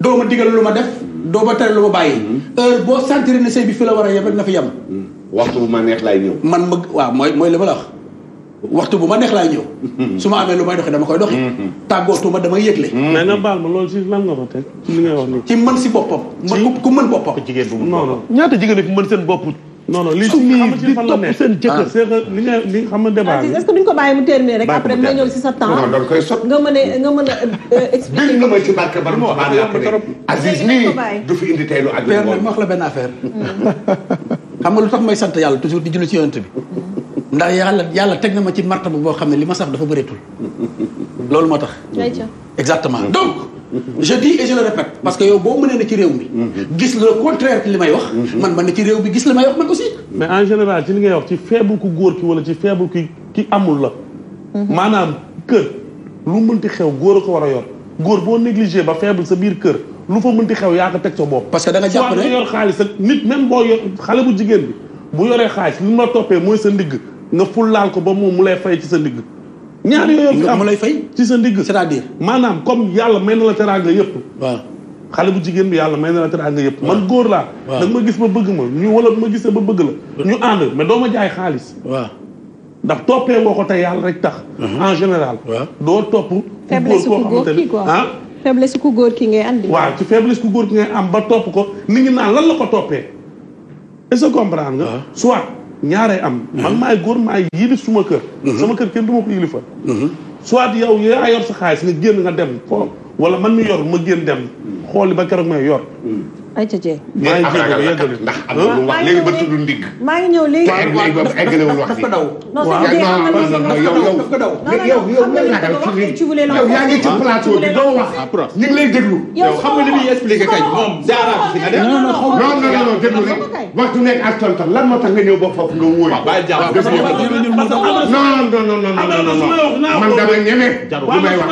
doo ma digal lu ma def doo ma tere lu ma bàyyi mm-hmm. boo sentir ni sëy bi fi la war a yem rek na fi yem mm-hmm. waxtu bu ma neex laay ñëw man ma waaw mooy mooy li ma la wax mm-hmm. waxtu bu ma neex laay ñëw su ma amee lu may doxi dama koy doxi tàggootuma damay yëgle mais nga baal ma loolu si lan nga ko teg ci li mën si boppam mën ku mën boppam jigéen bu ñaata jigéen a fi mën seen bopp non non lii ci biir fan la nekk seen jëkkër ah. c'est que li nga li nga xam ne débat bi est-ce que duñ ko bàyyi mu terminer rek après nga ñëw si sa temps euh, nga mën a nga mën a euh, euh, expliquer nga ma ci barke bar Aziz nii du lu ak père nag ma wax la benn affaire mm. xam nga lu tax may sant yàlla toujours di julli ci yonent bi ndax yàlla yàlla teg na ma ci martaba boo xam ne li ma sax dafa bëreetul loolu moo tax exactement donc je dis et parce que yow boo mënee na ci réew mi. gis le contraire li may wax. man man na ci réew mi gis li may wax man aussi. mais en général ci li ngay wax ci faible ku góor ki wala ci faible ki ki amul la. maanaam kër lu mënti xew góor a ko war a yor góor boo négligé ba faible sa biir kër lu fa mënti xew yaa ko teg sa bopp. parce que da nga jàpp ne yor xaalis nit même boo yor xale bu jigéen bi bu yoree xaalis li ma toppee mooy sa ndigg nga ful laal ba moom mu lay fay ci sa ndigg. ñaar yooyu am mu lay fay ci sa ndigg c'est-à-dire maanaam comme yàlla may na la teraanga yëpp waaw xale bu jigéen bi yàlla may na la teraanga yëpp man góor laa da ma gis ma bëgg ma ñu wala bu ma gisee ba bëgg la ñu ànd mais doo ma jaay xaalis ndax toppee woo ko te yàlla rek tax uh-huh. en général doo topp ku góor koo xamante ni ah faiblesse ku góor ki ngay andi waaw ci faiblesse ku góor ki ngay am ba topp ko nit ñi naan lan la ko toppee est a que nga ñaaree am. Mhm. man maay góor ay yilif suma kër. Mhm. sama kër kenn du ma ko yilifa. Mhm. soit yow yaa yor sa xaalis nga génn nga dem foofu wala man mi yor ma génn dem xooli ba keroog may yor. ay ca Dieng. maa ngi jégalu yàggalu ndax am na lu wax léegi ba tudd ndig. maa ngi ñëw léegi boobu eggalewul wax bi. non c'est que xam nga dafa daw yow yow yow yaa ngi ci plateau bi doo wax. ñu ngi lay déglu. yow xam nga li muy expliqué kay moom jaara fi nga def. non non non non déglu rek waxtu nekk ak tontan lan moo tax nga ñëw ba foofu nga wóoyi. waaw bàyyi jàmm déglu non non non non non man dama ñeme. lu may wax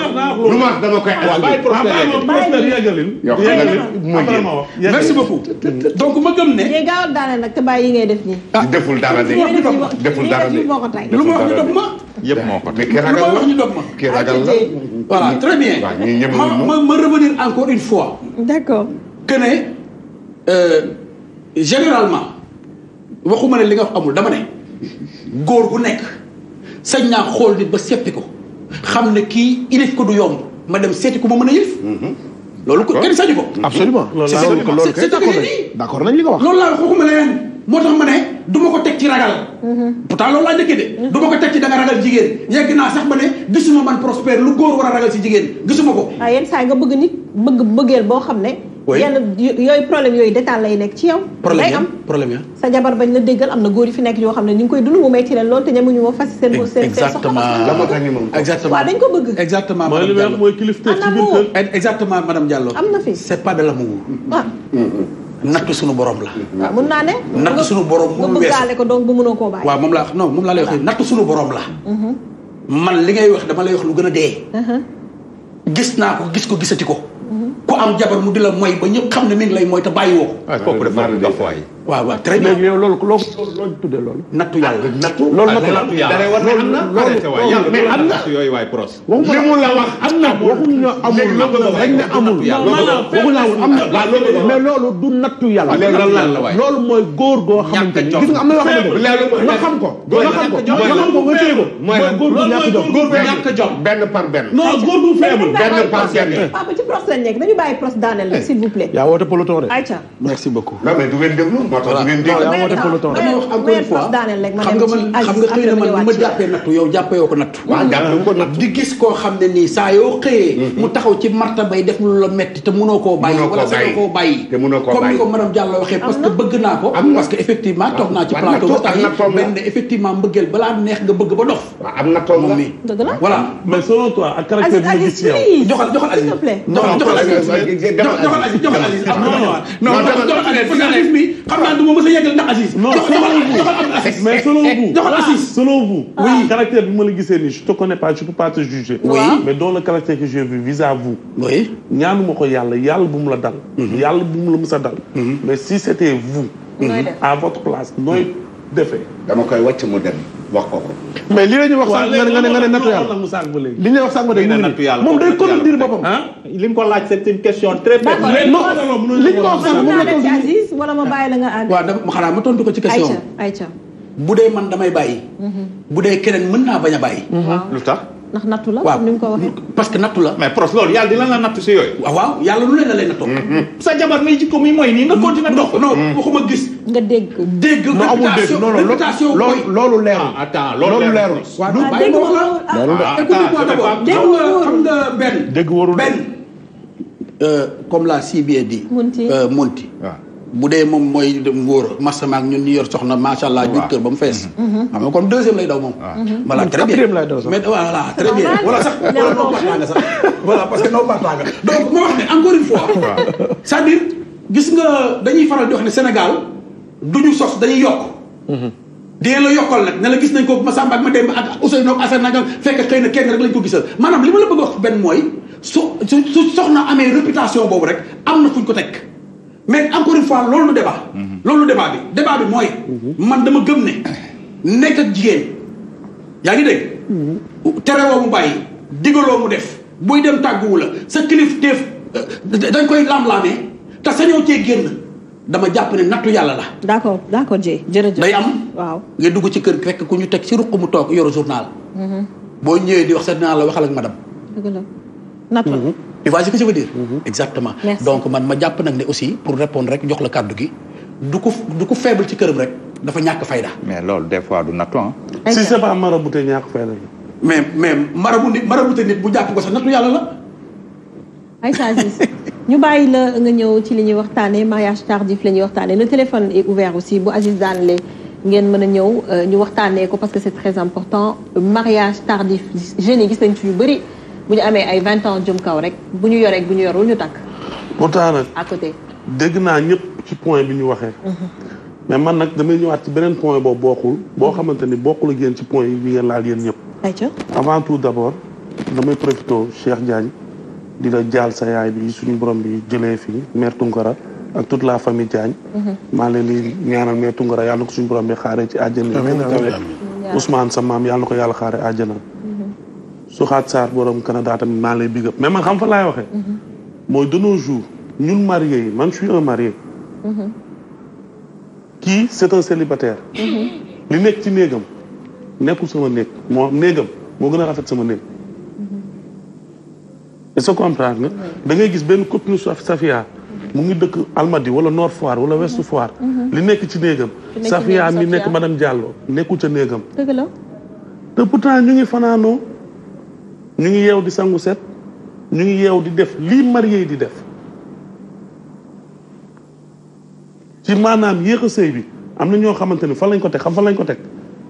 lu ma wax dama koy. merci beaucoup donc ma gëm ne. mais gaawal daane nag yi ngay def nii. Ah. deful dara de deful dara de lu ma wax ñu dog ma. yëpp moo ko tey lu ma wax ñu dog ma. kii ragal la voilà très bien. ma ma ma revenir encore une fois. d'accord que ne euh, généralement waxuma ne li nga wax amul dama ne góor gu nekk sañ naa xool nit ba seppi ko xam ne kii ilif ko du yomb ma dem seeti ku ma mën a yilif mm-hmm. loolu ko kenn sañu ko. absolument loolu c'est d'accord nañ li nga wax. loolu laa wax waxuma leen moo tax ma ne du ko teg ci ragal. Mhm. pourtant loolu laa njëkkee de. Mhm. du ko teg ci da nga ragal jigéen yegg naa sax ma ne ma man prospère lu góor war a ragal si jigéen gisuma ko. waaw ah, yenn saa nga bëgg nit bëgg bëggeel boo xam ne yenn yooyu problème yooyu détail lay nekk ci yow lay am problème ya sa jabar bañ la déggal am na góor yi fi nekk yoo xam ne ñu ngi koy dund mu metti leen loolu te ñamuñu ma fas seen seen exactement la moo tax moom exactement waaw dañ na fi mm, mm, mm. suñu borom la waaw mun naa ne natt suñu borom mu wees ko donc bu mënoo koo bàyyi waaw moom laa non moom la mm-hmm. man li ngay wax dama la wax lu gën a dee uh-huh. gis naa ko gis ko gisati ko ku am jabar mu di la mooy ba ñëpp xam ne mi lay mooy te bàyyi woo ko. Ah, kooku waay waaw waaw très bien yow loolu loo loo tuddee loolu. nattu yàlla ah, nattu. loolu ah, nattu yàlla loolu mais am na. yooyu waay pros. li mu la wax am na. waxuñu ne amul. waxuñu ne amul am na. Ah, mais loolu du nattu yàlla. loolu mooy góor goo xamante ni gis nga am na yoo xamante ni nga xam ko. nga xam ko nga xam ko nga téye ko. mooy góor bu ñàkk jom góor bu ñàkk jom. benn par benn. non góor bu feebul benn par benn. papa ci pros lañ nekk dañu bàyyi pros daaneel la eh. s'il vous plaît. yaa woote peloton de. ayca merci beaucoup. non mais du ngeen déglu moo tax ngeen dégg dama wax encore xam nga man xam nga xëy na man li ma jàppee nattu yow jàppee ko nattu di gis koo xam ne nii saa yoo xëyee mu taxaw ci marta bay def lu la metti te mënoo koo koo bàyyi comme ni ko madame bëgg naa ko parce que effectivement toog naa ci plateau ba tax benn effectivement mbëggeel balaa neex nga bëgg ba dof am na toog moom voilà mais selon toi ak caractère bi gis yow joxal joxal joxal Aziz joxal Aziz joxal Aziz joxal Aziz man du ma mës a yeggal ndax Aziz. non mais selon eh, vous. Eh, selon vous. Ah. oui caractère bi ma la gisee nii je te connais pas je peux pas te juger. oui mais dans le caractère que j'ai vu vis-à-vous. oui ñaanu ma ko yàlla yàlla bu mu la dal. Mhm. yàlla bu mu la mës a dal. Mhm. mais si c'était vous. à votre place nooy. defee dama koy wàcc mu dem wax ko ko. mais li la ñu wax sànq nga ne nga ne nga ne nattu yàlla li ñu wax sànq de moom day contredire boppam. Ah, li mu ko laaj c'est question très bonne. non li ñu wax sànq moom la tontu tontu ko ci question bu dee man damay bàyyi. Mhm. bu dee keneen mën naa bañ a bàyyi. ndax nattu la. waaw ni ko waxee parce que nattu la. mais prof loolu yàlla dina la nattu si yooyu. Ah, waaw yàlla lu leen la lay mm-hmm. sa jabar may jikko muy mooy nii nga continué dox. Mm-hmm. non mm-hmm. waxuma gis. nga dégg. dégg réputation réputation loolu loolu leerul. ah loolu leerul. waaw ah, dégg nga loolu ah xam nga benn. dégg warul benn. Euh, comme la si bien dit. Monti euh, Monti waaw. Ah. bu dee moom mooy dem ngóora marsama ak ñun ñu yor soxna macha allah ñu kër ba mu fees mhm. Mhm. xam nga kon deuxième lay daw moom mhm. voilà très bien mais voilà très bien voilà sax sax voilà parce que noo partaga donc moo wax ne encore une fois c'est-à-dire gis nga dañuy faral di wax ne Sénégal du ñu sos dañuy yokk dee la yokkal nag ne la gis nañ ko ma Samba ak ma dem ak Ousseynou ak Assane nagam fekk xëy na kenn rek lañ ko gisal maanaam li ma la bëgg wax benn mooy su su soxna amee réputation boobu rek am na fuñ ko teg mais encore une fois loolu débat. Mhm. loolu débat bi débat bi mooy. Mhm. man dama gëm ne nekk jigéen yaa ngi dégg. Mhm. terewoo mu bàyyi digaloo mu def buy dem tàgguwu la sa kilif def euh, dañ koy lam-laamee te sañoo cee génn dama jàpp ne nattu yàlla la. d' accord d' accord Dieye jërëjëf. day am waaw nga dugg ci kër rekk ku ñu teg ci ruq mu toog yoru journal. boo ñëwee di wax sax dinaa la waxal ak madame. dëgg la nattu tu vois ce que je veux mm-hmm. donc man ma jàpp nag ne aussi pour répondre rek jox la kàddu gi du ko du ko faible ci këram rek dafa ñàkk fayda mais loolu des fois du nattu si c'est pas marabu te mais mais marabu nit marabu te bu jàpp ko sax nattu yàlla la. ayca Aziz ñu bàyyi la nga ñëw ci li ñuy waxtaanee mariage tardif la ñuy waxtaanee le téléphone est ouvert aussi bu Aziz daanale ngeen mën a ñëw euh, ñu waxtaanee ko parce que c'est très important mariage tardif jeunes yi gis nañ ci yu bëri. bu ñu amee ay vingt ans jëm kaw rek bu ñu yoree bu ñu yorul ñu takk. moo tax nag à côté. dégg naa ñëpp ci point bi ñu waxee. Mm-hmm. mais man nag damay ñëwaat ci beneen point boobu bokkul boo xamante ni bokkul ak yéen ci point yi ngeen laal yéen ñëpp. ayca avant tout d' abord damay profité Cheikh Diagne di la jaal sa yaay bi suñu borom bi jëlee fii mère Tunkara ak toute la famille Diagne. Mm-hmm. maa leen di ñaanal mère Tunkara yàlla na ko suñu borom bi xaaree ci àjjana. amiin amiin yàlla ko yàlla xaaree àjjana. Suxaat Sarr borom Canada tamit maa lay big up xam fa laay waxee. Mm-hmm. mooy de jours ñun marie yi man suy suis marie kii mm-hmm. c'est un célibataire. Mm-hmm. li nekk ci néegam nekkul sama néeg moo néegam moo gën a rafet sama néeg. est-ce que da ngay gis benn copine Safia mu ngi dëkk Almadi wala Nord Foire wala West Foire. li nekk ci néegam. Safia mi nekk madame jàlloo nekkul ca néegam. dëgg la te ñu ngi fanaanoo. ñu ngi yeew di sangu set ñu ngi yeew di def lii marié yi di def ci maanaam yéex a sëy bi am na ñoo xamante ni fan lañ ko teg xam fa lañ ko teg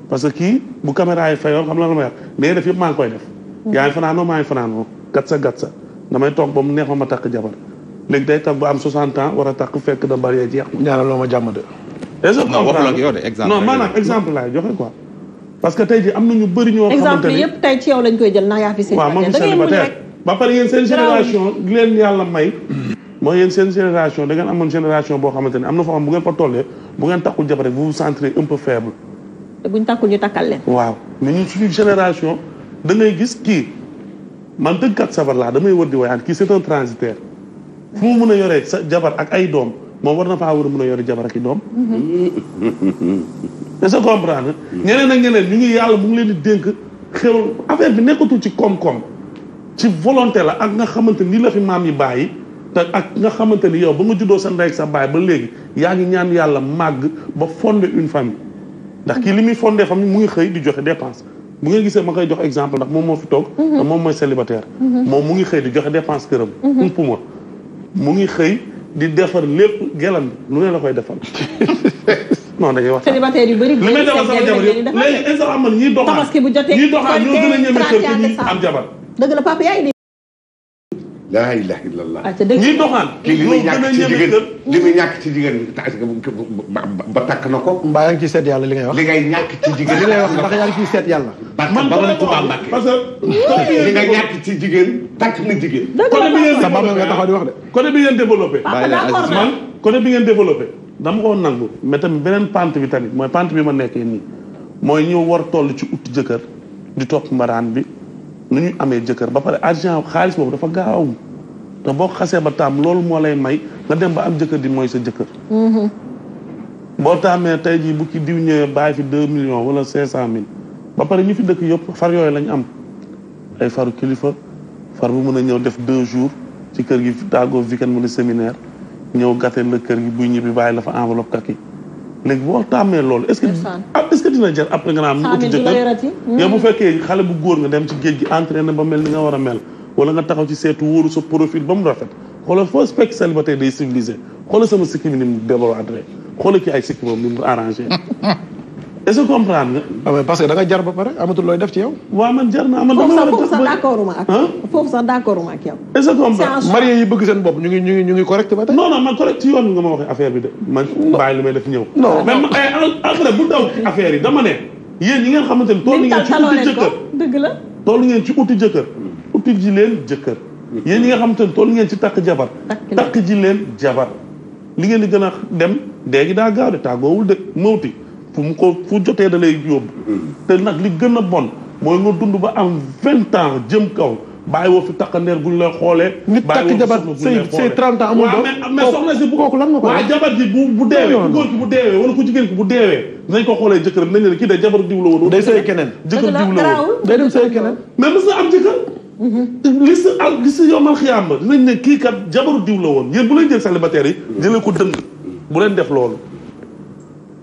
parce que kii bu caméra yi fayoon xam la la may wax mais def yëpp maa ngi koy def. Mm-hmm. yaa ngi fanaanoo maa ngi fanaanoo gat sa gat sa damay toog ba mu neex ma ma takk jabar léegi day tax bu am 60 ans war a takk fekk da bari jeex. ñaanal loo ma jàmm de. est ce que yow de exemple non maanaam exemple laay joxe quoi. parce que tey ji am na ñu bëri ñoo. xamante ni exemple ci yow lañ koy jël ndax yaa fi célibataire ba pare yéen seen génération li seen génération da ngeen amoon génération boo xamante ne am na foo xam bu ngeen fa tollee bu ngeen takkul jabar rek vous vous sentez un te buñ takkul ñu takkal leen. waaw mais ñun suñu génération da ngay gis kii man dëggkat sabar laa damay wër di wayaan kii c'est un transitaire fu mu mën a yoree sa jabar ak ay doom. moom war na faa war a mën a yor jabar ki i doom. Mm-hmm. est-ce comprendre ñeneen ak ñeneen ñu ngi yàlla mu ngi leen di dénk xew affaire bi nekkatul ci koom-koom ci volonté la ak nga xamante ni la fi maam yi bàyyi te ak nga xamante ni yow ba nga juddoo sa ndey ak sa baay ba léegi yaa ngi ñaan yàlla màgg ba fonder une famille. ndax kii li muy fonder famille mu ngi xëy di joxe dépense mu nga gisee ma koy jox exemple ndax moom moo fi toog. Mm-hmm. te moom mooy célibataire. Mm-hmm. moom mu ngi xëy di joxe dépense këram. kumpu ma mu ngi xëy. di defar lépp gelam bi lu ne la koy defal non dañuy wax célibataire yu bëri lu may defal sama jabar yëpp léegi instant man ñiy doxaan ñiy doxaan ñoo gën a ñeme kër ñi am jabar la papa yaay laa ilaha illallah. ah te dëgg ñuy doxaan. li muy ñàkk ci jigéen li muy ñàkk ci jigéen ba takk na ko. mbaa yaa ngi ciy seet yàlla li ngay wax. li ngay ñàkk ci jigéen. li ngay wax ndax yaa ngi ciy ko parce que. li ci jigéen takk na jigéen. côté bi ngeen développé nga taxaw di wax de. côté bi ngeen développé. Ah, man côté bi ngeen développé. dama ko nangu mais tamit beneen pante bi tamit mooy pante bi ma nekkee nii mooy ñëw war toll ci ut jëkkër di topp mbaraan bi nu ñu amee jëkkër ba pare argent xaalis boobu dafa gaaw te boo xasee ba taam loolu moo lay may nga dem ba am jëkkër di mooy sa jëkkër mm-hmm. boo taamee tey jii bu ci diw ñëwee bàyyi fi deux millions wala cinq cent mille ba pare ñu fi dëkk yëpp far yooyu lañu am ay faru kilifa far bu mën a ñëw def deux jours ci kër gi tàggoo weekend mu ne séminaire ñëw gàtteel la kër gi buy ñibbi bàyyi la fa enveloppe kaki léegi boo tàmmee loolu est-ce que ah, est-ce que dina jar après nga naan uti jëkkër hmm? yow bu fekkee xale bu góor nga dem ci géej gi na ba mel ni nga war a mel wala nga taxaw ci seetu wóoru sa profil ba mu rafet xoolal foo fekk célibataire day civilisé xoolal sama sikkim ni mu développé xoolal ki ay sikkimam ni mu arrangé est-ce que comprendre nga. waaw ah parce que looy def ci yow. waaw man jar naa man dama war a foofu sax d'accord ma ak. foofu sax d'accord ma ak yow. est-ce que comprendre marié yi nga ma waxee eh, bu daw affaire yi dama ne. yéen ñi ngeen xamante ni toll ngeen ci uti jëkkër dëgg leen jëkkër yéen ñi nga xamante ni toll ngeen takk jabar takk ji leen jabar li ngeen di gën a dem déegi daa gaaw de tàggoowul de mawti fu mu ko fu jotee da lay yóbbu. Mm-hmm. te nag li gën a bon mooy nga dund ba am vingt ans jëm kaw bàyyi woo fi takkandeer bu bu ñu lay xoolee nit takk jabar say say trente ans amul doom mais bu kooku lan nga ko waaw jabar ji bu bu deewee ku góor ki bu deewee wala ki bu deewee dinañ ko xoolee jëkkër dinañ leen kii de jabar diw la woon. keneen jëkkër diw la woon day dem sëy keneen. mais mos am jëkkër. Mm-hmm. li ba dinañ ne kii kat jabaru diw woon yéen bu leen jël célibataire yi jëlee ko dëng mm-hmm. bu leen def lool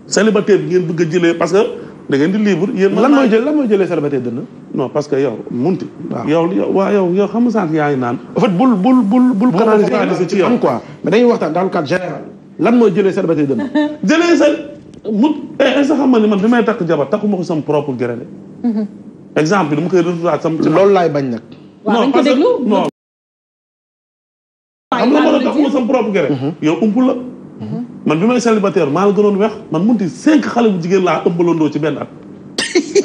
célibataire bi ngeen bëgg a jëlee parce que da ngeen di libre yéen lan mooy jël lan mooy jëlee célibataire dënn non parce que yow munti yow waa yow yow xam nga sànq yaa ngi naan en fait bul bul bul bul canaliser ci yow quoi mais dañuy waxtaan dans le cadre général lan mooy jëlee célibataire dënn jëlee sa mu eh, est ce que xam nga ni man bi may takk jabar takkuma ko sama propre gré mhm. exemple bi dama koy retrouver sam ci loolu laay bañ nag non parce que non xam nga ma a takkuma sama propre gré mhm. yow umpul la man bi may célibataire maa la gënoon weex man munti cinq xale bu jigéen laa ëmbalandoo ci benn at.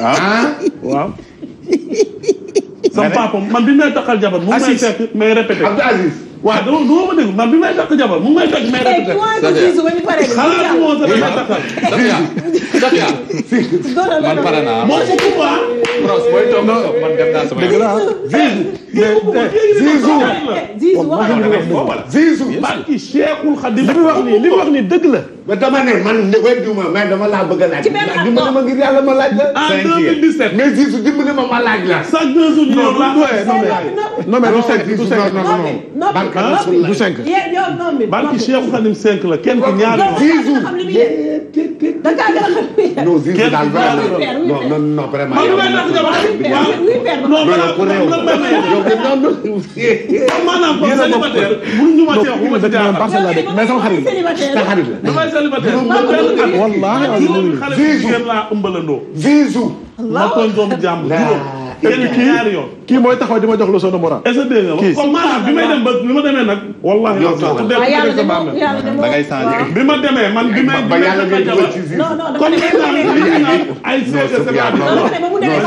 Ah? ah waaw. sama papa man bi may taxal jabar mu may fekk may répété Abdou Aziz. waaw dama dama ma déglu man bi may takk jabar mu may takk may eh, takk xalaat moo sa dama takkal. Safia Safia. man pare naa. moo si Touba. Brosse booy toog man dem naa sama. dëgg la Zizou. Zizou. Zizou. Barki Cheikhul Khadim li mu wax nii li mu wax nii dëgg la. ba dama ne man weddiwuma mais dama laa bëgg a laaj. ci benn rapport dimbali ma ngir yàlla ma laaj la. en 2017 mais si su dimbali ma ma laaj la. chaque deux jours non non mais du cinq du cinq non non non du cinq. barki Cheikh Khadim cinq la kenn ku ñaar da ngaa gën a non zizi daal vraiment non non non vraiment. yow maanaam comme célibataire mënuñu ma cee wax. mais sama xarit la sama xarit la. célibataire. wallaahi wallaahi. visu ma benn at. wallaahi xale bu jigéen laa ëmbalandoo. visu. ma koy doom yoon kii mooy taxaw di ma jox leçon de morale est-ce que dégg nga comme maanaam bi may dem ba bi ma demee nag wallahi da ngay changé bi ma demee man bi may ba yàlla ngay dugal ci comme ay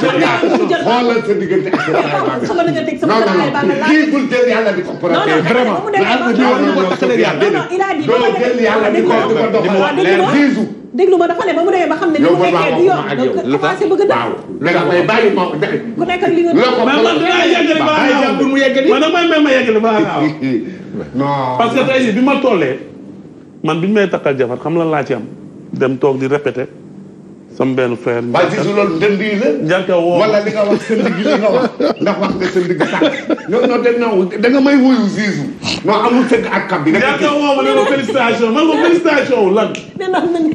xoolal sa diggante ak sa diggante non non kii bul jël yàlla di ko vraiment non non il a dit ko doxal déglu dafa ne ba mu demee ba xam ne. yow man waaw waaw ma ak yow lu tax waaw ma ndax. li ba àll waaw man man damay may ma yeggali ba àll waaw. non parce que tey bi ma tollee. man bi may takkal jabar xam lan laa ci dem toog di répéter. sama benn frère. waaye Zizo loolu ndënd yi la. njàkka woo wala li nga wax sa ndigg li nga wax ndax wax nga sa ndigg sax non non dégg naa da nga may wuyu Zizo. non amul sëgg ak kab bi. njàkka woo ma ne ma félicitation man ma félicitation lan.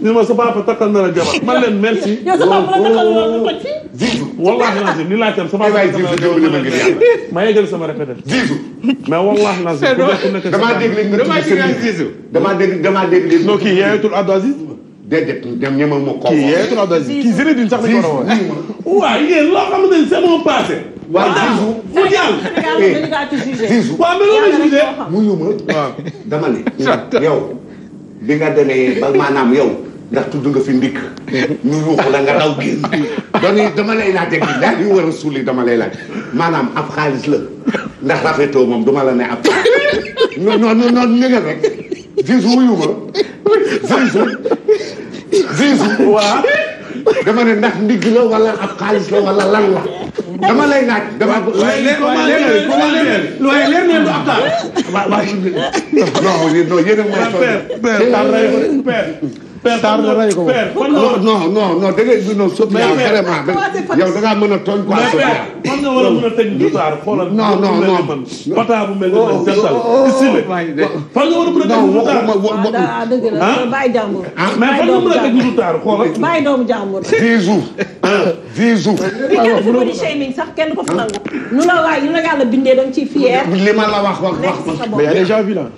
nee ma sa papa takkal na la jabar man leen merci. yow sa papa la takkal na la jabar Zizo. wallaahi naa si ni laa tam sa papa la eh, takkal na la jabar ma yeggal sama répété. Zizo. mais wallaahi naa si. damaa dégg léegi nga tudd Serigne Zizo damaa dégg damaa dégg léegi. non kii yaayatul Abdou Aziz déedéet dem ñemal ma kooku. kii yee trop sax lañ ko doon waaw yéen loo xamante ni c'est mon passé. waaw Zizou mu jàll. Zizou waaw mais loolu ma dama ne. yow bi nga demee ba maanaam yow. ndax tudd nga fi ndikk ñu yuuxu la nga daw génn donc dama lay laaj ak daal yu war a suuli dama lay laaj maanaam ab xaalis la ndax rafetoo moom duma la ne ab xaalis non non non ni nga rek Zizou wuyu ma Zizou Ziizou voilà dama ne ndax ndigg la wala de xaalis la wala lan la dama lay laaj. dama waaye leer waaye leer nañu du ab taal. waaw waaw non non yéen a ngi may. père père père tard la rey ko non non non non da ngay non Sofia ah, vraiment yow da ngaa mën a tooñ quoi Sofia. man nga war a mën a tëj du taar xoolal. non non non pata bu mel ni jantal. Oh, oh, oh, fan nga war a mën a tëj du taar. ah dëgg la bàyyi jàmbur. Ah. mais fan nga mën a tëj du taar xoolal. bàyyi doomu jàmbur. 10 jours. Zizou. waaw waaw di shaming sax kenn ko fa nangu. nu la waay nu la yàlla bindee da nga ciy fier. li ma la wax wax wax. mais y a des gens vilains.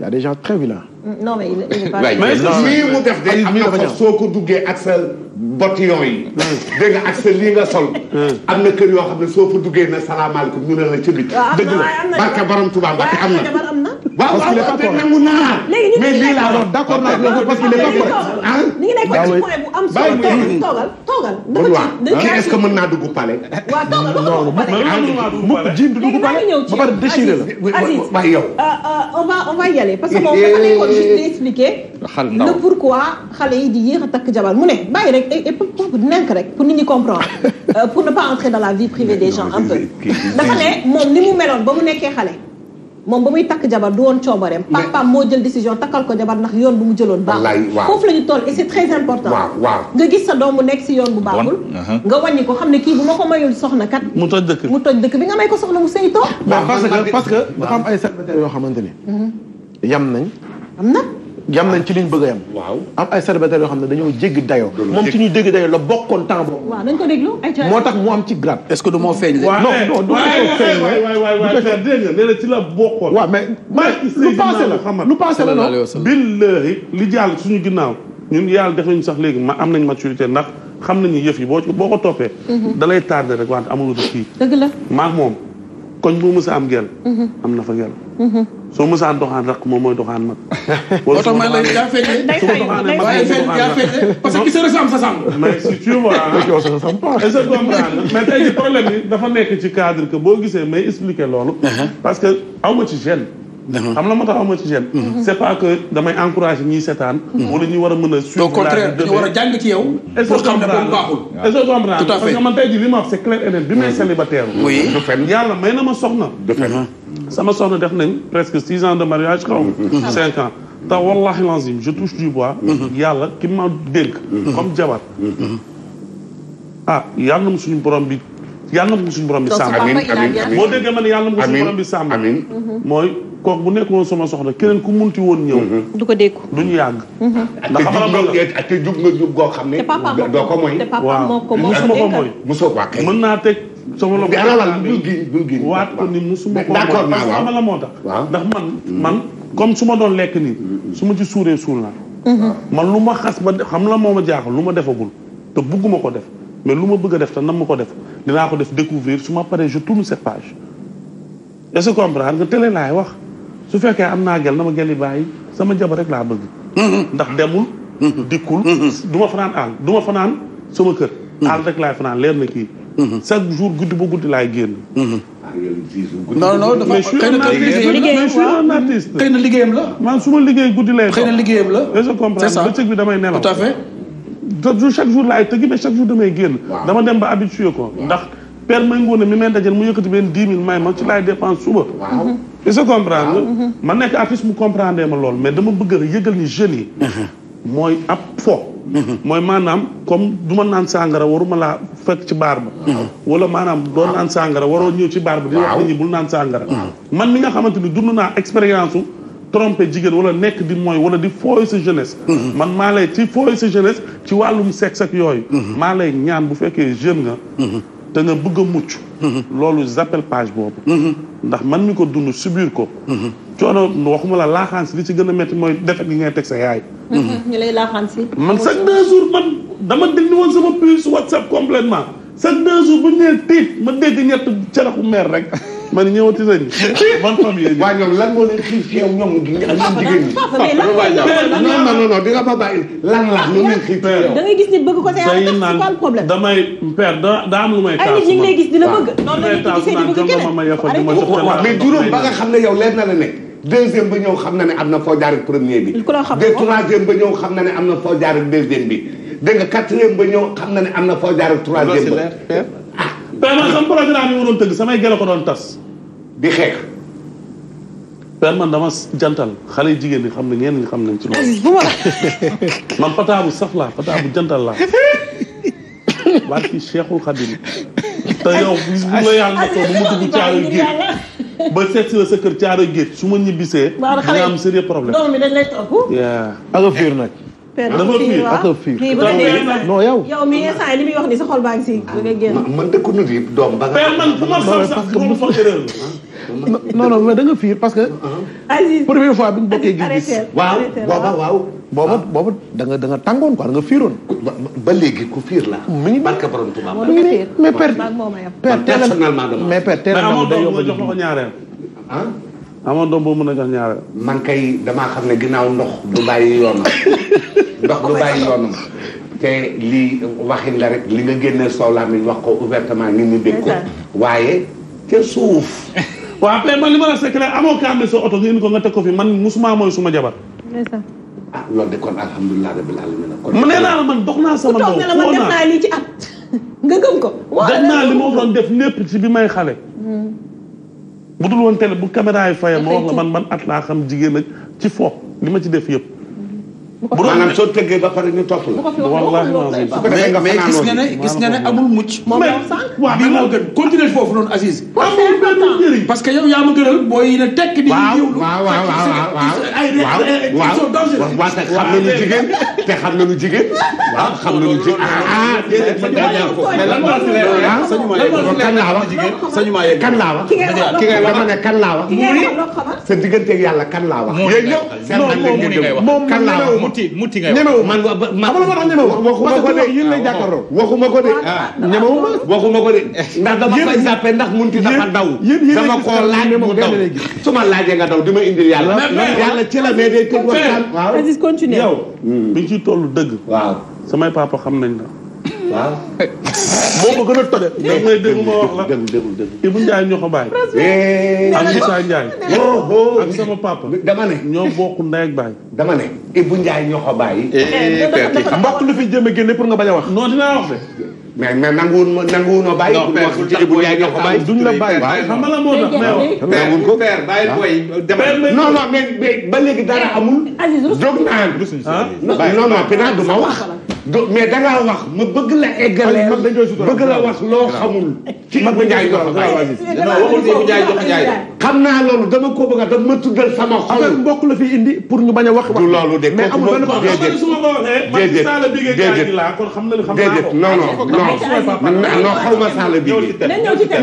y a des gens très vilains. Hmm, non mais il est pas. lii mu def de am na fa soo ko duggee ak sa bott yooyu. Hmm. dégg nga ak sa lii nga sol. Hmm. am na kër yoo xam ne soo fa duggee na salaamaaleykum ñu ne la ci biir. dëgg la barke Borom Tuubaa Mbàkke am na. parce qu'il est pas correct mais lii laa doon d'accord naa loolu parce qu'il est pas correct ah. ñu ngi nekk ci point bu am solo toogal toogal toogal. est-ce que mën naa dugg palais. waaw toogal loolu mukk jiin du dugg palais ba pare déchiré la. waaye yow. Euh, euh, on va on va y aller parce que moom dafa eh. nekkoon juste di expliquer. le pourquoi xale yi di yéex a takk jabar mu ne bàyyi rek et pour nekk rek pour nit ñi comprendre euh, pour ne pas entrer dans la vie privée des gens un peu dafa ne moom ni mu meloon ba mu nekkee xale. moom ba muy takk jabar du woon coobareem papaam moo jël décision takkal ko jabar ndax yoon bu mu jëloon baaxul foofu la toll et c'est très important nga gis sa doom nekk si yoon bu baaxul uh-huh. nga wàññi ko xam ne kii bu ma ko mayul soxna kat mu toj dëkk bi nga may ko soxna mu sëy too parce que parce que dafa am ay secrétaire yoo xamante ni mm-hmm. yam nañ am na yam nañ ci liñ bëgg a waaw am ay célibataires yoo xam ne dañoo jéggi dayoo. moom ci ñuy jéggi dayoo la bokkoon temps boobu. waaw moo tax mu am ci grade. est-ce que du moo feeñ. non non du ko feeñ lu passé la lu passé la non. li jàll suñu ginnaaw. ñun yàlla def nañu sax léegi ma am nañ maturité ndax xam nañu yëf yi boo ci boo ko toppee. Mhm. dalay lay tardé rek wante amul wutu kii. dëgg la maak moom koñ bu mës a am gel mm-hmm. am na fa gel mm-hmm. soo mësaan doxaan raq moom mooy doxaan mag. wala soo doxaan rek parce que sa ressemble sa semble. mais si tu vois est ce que comprendre mais tey ji problème bi dafa nekk ci cadre que boo gisee may expliquer loolu. Uh-huh. parce que aw ma ci gêne. xam la moo tax amoo ci gêne mhm. c' est pas que damay encouragé ñiy seetaan mhm. wala ñu war a mën a suivre au contraire dañu war a jàng ci yow pour que comprendre parce que ma wax c' est clair et net bi may mhm. célibataire du fen yàlla na ma soxna sama soxna def nañ presque six ans de mariage xaw ma cinq ans te wallahi lazim je touche du bois yàlla ki ma comme jabar ah yàlla na mu suñu borom bi yàlla na mu suñu borom bi sàmm amiin amiin boo mooy kook bu nekkoon sama soxla keneen ku ti woon ñëw. Mhm. du ko dékku duñu yàgg. Mhm. ndax xam nga te jub nga jub goo xam ne. te papa doo ko mooy. te moo naa teg. sama loxo bi waat ko ni musuma ko mooy sama la moo tax. ndax man mhm. man comme su ma doon lekk nii. su ma ci suuree suur naa. man lu ma xas ba xam la moo ma jaaxal lu ma defagul te bugguma ko def mais lu ma bëgg a def te nam ma ko def dinaa ko def découvrir su ma paree je tourne cette page est-ce que nga télé wax su fekkee am naa gel na ma gel yi bàyyi sama jabar rek laa bëgg mm-hmm. ndax demul mm-hmm. dikkul mm-hmm. du ma fanaan àll du ma fanaan sama kër àll rek laay fanaan leer na kii chaque jour guddi ba guddi laay génn non non dafa xëy na artiste xëy na liggéeyam la man su ma liggéey guddi lay xëy na liggéeyam la je comprends bi damay nelaw tout à fait jour chaque jour laay tëggi mais chaque jour damay génn dama dem ba habitué ko ndax père may ngoone mi may dajal mu yëkkati benn dix mille may ma ci laay dépense suba est-ce comprendre ah, mhm. ma nekk artiste mu comprendre ma lool mais dama bëgg a yëgal ni jeunes yi mhm. mooy ab fo mhm. mooy maanaam comme du ma naan sàngara waruma laa fekk ci baar ba wala maanaam doo naan sàngara waroo ñëw ci baar ba di wax nit ñi naan sàngara man mi nga xamante ni dund naa expérience u trompé wala nekk di mooy wala di fooy sa jeunesse man maa lay ci fooy sa jeunesse ci wàllum sexe ak yooyu maa lay ñaan bu fekkee jeune nga te nga bëgg a mucc loolu j'appelle page boobu ndax man mi ko dund subir ko. Mhm. coono waxuma la laaxaan si li ci gën a métti mooy defee gi ngay teg sa yaay. Mhm. ñu lay laaxaan si. man chaque deux jours man dama dindi woon sama puce WhatsApp complètement chaque deux jours bu ñu nee tiit ma dégg ñett caraxu meer rek. man ñëwati nañ. man famille la waaye ñoom lan moo leen xiif ci yow ñoom ak jigéen ñi. non non non di nga ba lan la lu leen xiif da ngay gis nit bëgg ko sa problème. damay père da am lu may taas. ay nit ñi lay gis dina bëgg. noonu la nit gisee di bëgg keneen mais juróom ba nga xam ne yow leer na la nekk. deuxième ba ñëw xam na ne am na foo jaar ak premier bi. de troisième ba ñëw xam na ne am na foo jaar ak deuxième bi. dégg nga quatrième ba ñëw xam na ne am na foo jaar ak troisième ba. père man sama programme yi ma doon tëgg samay gel ko doon tas di xeex père dama jantal xale yu jigéen ñi xam ne ñenn ñi xam nañ ci loolu man pataabu saf laa pataabu jantal laa barki Cheikhul Khadim te yow bis bu la yàlla ba seet la sa kër caaroy su ma ñibbisee. waaw xale problème doom bi yaa ak a fiir nag. non yow. yow mi instant li muy wax ni sa xol baa ngi si ah, nga génn. man dëkku nit yi doom ba man bu ma sax sax bu ma erreur non non fiir parce que. Ah, première fois bi ñu bokkee gis-gis. waaw waaw waaw. booba ah. booba da da nga tàngoon quoi da nga fiiroon. ba léegi ku fiir la. mi ngi barka borom Tuubaa. moo ngi fiir mais père a day a jox ko ñaareel. mën a jox ñaareel. man kay damaa xam ne ginaaw ndox du bàyyi yoon ndox du bàyyi yoonam te lii waxin la rek li nga génneel soow laa mi wax ko ouvertement nit ñi dégg ko waaye ca suuf waaw après man li ma la c'est clair amoo ka am ne sa oto nga ko nga teg ko fi man musuma mooy suma jabar ah de kon alhamdulilah rabbil alamin kon mu nee naa la man dox naa sama ndaw toog man def naa lii ci at nga ko def naa li def lépp ci bi may xale hmm. bu dul woon télé bu caméra yi faye ma wax man man at laa xam jigéen ak ci foofu li ma ci def yëpp bu ko maanaam soo tëggee ba pare ñu topp la. bu ko fi mais mais gis nga ne gis nga ne amul mucc. moom waaw bii moo gën continuer foofu noonu Aziz. amul benn njëriñ parce que yow yaa ma gënal booy yi ne tekk di. waaw waaw waaw waaw te xam nañu jigéen te xam nañu jigéen. waaw xam nañu jigéen. ah, ah, ah déedéet man daa ñaaw ko. mais lan moo si ah, leer ah sañu ma yeggul kon kan laa wax jigéen. sañu ma yeggul kan laa wax. ki nga dama ne kan laa wax. sa digganteeg yàlla kan laa wax. yéen ñëpp seen muti muti ma xamul ma tax waxuma ko de yéen lay jàkkaarloo waxuma ko de ñemewu ma waxuma ko de ndax dama koy jàppe ndax munti dafa daw dama koo laaj mu daw su ma laajee nga daw di ma indil yàlla yàlla ci la mais day tëj waxtaan samay papa xam nañ la waaw. moo ko gën a tojee. dégg nga dégg ma wax la dégg dégg dégg. Ibou Ndiaye ñoo ko bàyyi. ak Moussa Ndiaye. ak sama papa. dama ne ñoo bokk ndey ak baay. dama ne Ibou Ndiaye ñoo ko bàyyi. Eh, eh, eh, mbokk lu fi jëme génne pour nga bañ a wax. non dinaa wax de. mais mais nanguwul ma nanguwul ma bàyyi. non père ci Ibou Ndiaye ñoo ko bàyyi. duñ la bàyyi xam nga la moo tax mais wax. nanguwul ko père bàyyi booy. Ah. demal non non mais ba léegi dara amul. jóg naa ah. non non pena du ma wax. do mais dangaa wax ma bëgg la eggalee bëgg la wax loo xamul. ci Maguette Ndiaye jox xam naa loolu dama ko bëgg a dama tuddal sama xol. affaire mbokk la fi indi pour ñu bañ a wax. du loolu de mais amul benn bopp déedéet déedéet déedéet déedéet non non non non xaw ma saala bii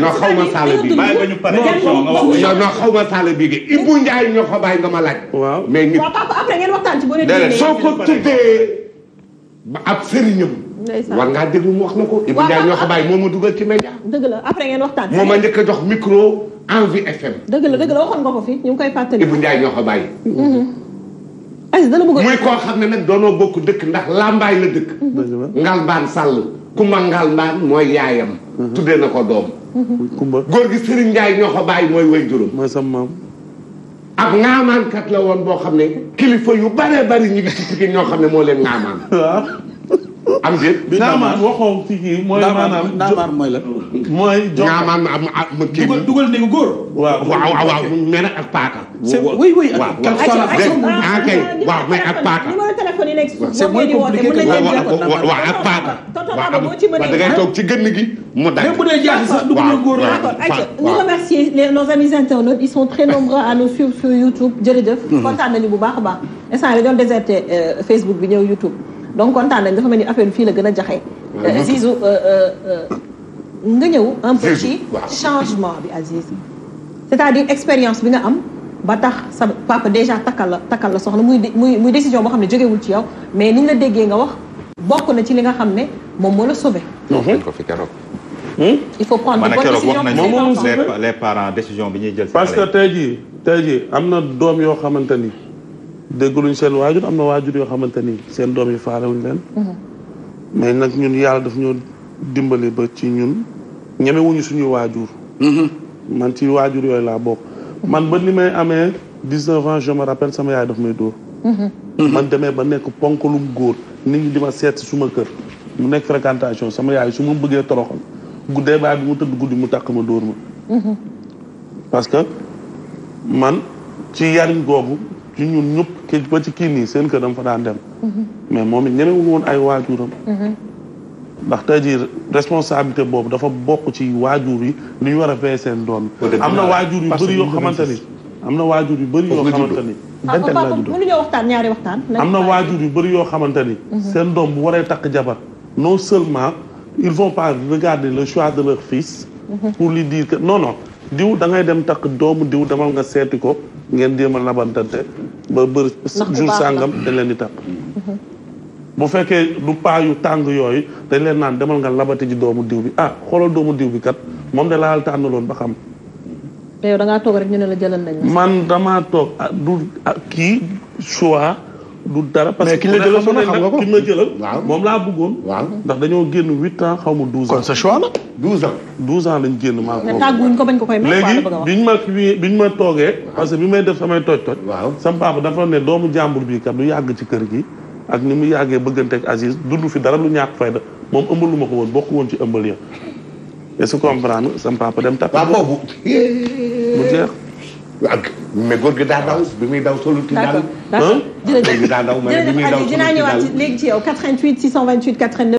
non xaw ma saala bii non xaw ma saala bii Ibou Ndiaye ñoo ko bàyyi nga ma laaj. waaw mais nit soo ko tuddee ba ab sëriñam. war ngaa déglu mu wax na ko. Ibou Ndiaye ñoo ko bàyyi moo ma dugal ci média. dëgg la après ngeen waxtaan. moo ma njëkk a jox micro Envie FM. dëgg la dëgg la waxoon nga ko fi ñu ngi koy fàttali. Ibou Ndiaye ñoo ko bàyyi. Mhm. Aziz dana bëgg muy koo xam ne nag doonoo bokk dëkk ndax Lambaay la dëkk. Ngalbaan Sall. Kumba Ngalbaan mooy yaayam. Mhm. tuddee na ko doom. Mhm. Kumba góor gi Serigne Ndiaye ñoo ko bàyyi mooy way juróom. mooy sama ak ŋaamaankat la woon boo xam ne kilifa yu bare bari ñu ngi ci Pikine ñoo xam ne moo leen ŋaamaan am déet. naamaan waxoo ci kii mooy. maanaam naamaan mooy la. mooy jox naamaan am am kii dugal dugal néegu góor. waaw waaw waaw mais nag ak paaka. oui oui ak waaw ah, mais ak paaka. c'est moins compliqué que waaw ak paaka. waaw da ngay toog ci gën gi mu daj. même bu dee jaaxle sax dugal néegu góor. waaw ñu remercier nos amis internautes ils sont très nombreux à nous suivre sur YouTube jërëjëf. Mm-hmm. kontaan nañu bu baax a baax instant yii dañoo déserté euh, Facebook bi ñëw YouTube. donc kontaan nañ dafa mel ni affaire fii la gën a jaxee euh, Zizou euh, euh, nga ñëw un peu changement bi Aziz c'est-à-dire expérience bi nga am ba tax sa papa déjà takkal la takkal la soxna muy muy muy décision boo xam ne jógewul ci yow mais ni ñu la déggee nga wax bokk na ci li nga xam ne moom moo la sauvé ko fi mhm. keroog hmm? il faut prendre bonne décision moom les parents décision bi ñuy jël parce que tey jii am na doom yoo xamante ni dégguluñ seen waajur am na waajur yoo xamante ni seen doom yi faalewuñ leen mm-hmm. mais nag ñun yàlla daf ñoo dimbali ba ci ñun ñemewuñu suñuy waajur mm-hmm. man ci waajur yooyu laa bokk mm-hmm. man ba li may amee dix-neuf ans je me rappelle sama yaay daf may dóor man demee ba nekk ponk ponkalum góor nit ñi di ma seet suma kër mu nekk fréquentation sama yaay su ma bëggee toroxal guddee baay bi mu tëdd guddi mu takk ma dóor ma parce man ci yariñ googu ci ñun ñëpp ki ba ci kii nii seen kër dama fa daan dem mais moom it ñemewul woon ay waajuram ndax tey jii responsabilité boobu dafa bokk ci waajur yi li war a fay seen doon am na waajur yu bëri ah, yoo xamante ni am na waajur yu bëri yoo xamante ni benn laa juddoo mënuñoo waxtaan am na waajur yu bëri yoo xamante ni seen doom bu waree takk jabar non seulement il vont pas regarder le choix de leur fils mhm. pour lui dire que non diw da ngay dem takk doomu diw demal nga seeti ko ngeen jéem a labantante ba bër jour sàngam dañ leen di tàpp bu fekkee du paa yu tàng yooyu dañ leen naan demal nga labati ji doomu diw bi ah xoolal doomu diw bi kat moom de laal tànnaloon ba xam mais toog rek ñu ne la jëlal man dama toog ah du ah, kii choix du dara parce que ki la jëlal xam nga ko ki ma jëlal moom laa bëggoon waaw ndax dañoo génn huit ans xaw ma douze ans kon sa choix la douze génn maa ko tàgguñ ko bañ ko koy may léegi biñ ma ma toogee parce que bi may def samay toj toj waaw sama papa dafa ne doomu jàmbur bi kat lu yàgg ci kër gi ak ni mu yàggee bëggante ak Aziz dund fi dara lu ñàkk fayda moom ëmbalu ma ko woon bokk woon ci ëmbal ya est-ce que comprendre sama papa dem takk mu jeex ak mais góor gi daa daw bi muy daw solu ti daal d'accord jërëjëf daa daw ma ne bi muy daw solu ti daal léegi ci yow 88 628 89